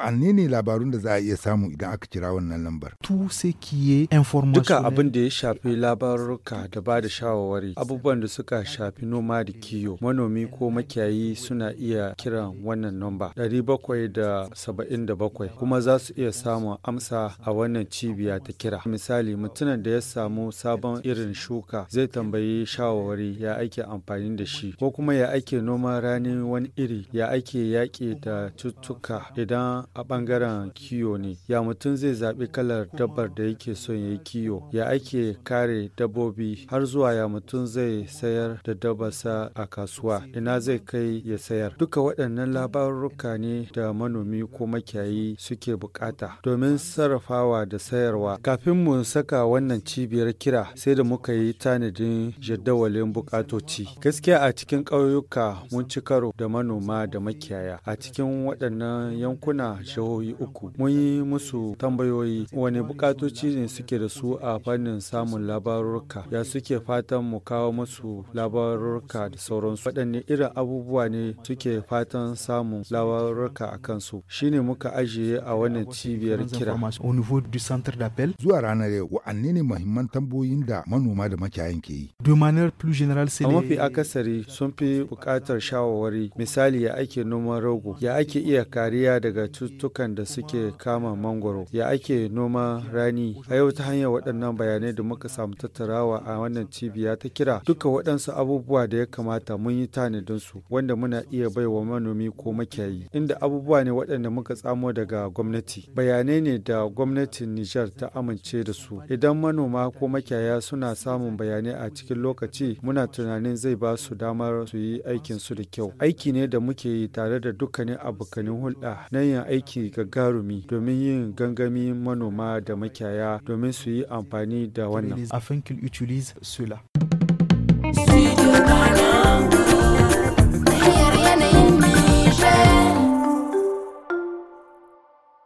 wa'anne ne labarun da za a iya samu idan aka kira wannan lambar? Duka abin da ya shafi labaruka da ba da shawarwari abubuwan da suka shafi noma da kiyo manomi ko makiyayi suna iya kiran wannan da saba'in da bakwai. kuma za su iya samun amsa a wannan cibiya ta kira. Misali mutumin da ya samu sabon irin shuka zai tambayi shawarwari ya ake amfani da shi ko kuma ya ake noman rani wani iri ya ake yaƙi da cututtuka idan a ɓangaren kiyo ne ya mutum zai zaɓi kalar dabbar da yake son ya yi kiyo ya ake kare dabbobi har zuwa ya mutum zai sayar da dabasa a kasuwa ina zai kai ya sayar duka waɗannan labaruka ne da manomi ko makiyayi suke bukata domin sarrafawa da sayarwa kafin mu saka wannan cibiyar kira sai da muka yi tanadin jadawalin bukatoci gaskiya a cikin ƙauyuka mun ci karo da manoma da makiyaya a cikin waɗannan yankuna jihohi uku mun yi musu tambayoyi wani bukatoci ne suke da su a fannin samun labarurka ya suke fatan mu kawo musu labarurka da sauransu waɗanne irin abubuwa ne suke fatan samun labarurka a kansu shine muka ajiye a wannan cibiyar kira zuwa ranar yau wa'anne ne mahimman tambayoyin da manoma da makiyayan ke yi a mafi akasari sun fi bukatar shawarwari misali ya ake noman rogo ya ake iya kariya daga cututtukan da suke kama mangoro ya ake noma rani a yau ta hanyar waɗannan bayanai da muka samu tattarawa a wannan cibiya ta kira duka waɗansu abubuwa da ya kamata mun yi tanadin su wanda muna iya bai wa manomi ko makiyayi inda abubuwa ne waɗanda muka tsamo daga gwamnati bayanai ne da gwamnatin Nijar ta amince da su idan manoma ko makiyaya suna samun bayanai a cikin lokaci muna tunanin zai ba su damar su yi aikin su da kyau aiki ne da muke yi tare da dukkanin abokanin hulɗa na yin aiki gagarumi domin yin gangami manoma da makiyaya domin su yi amfani da wannan.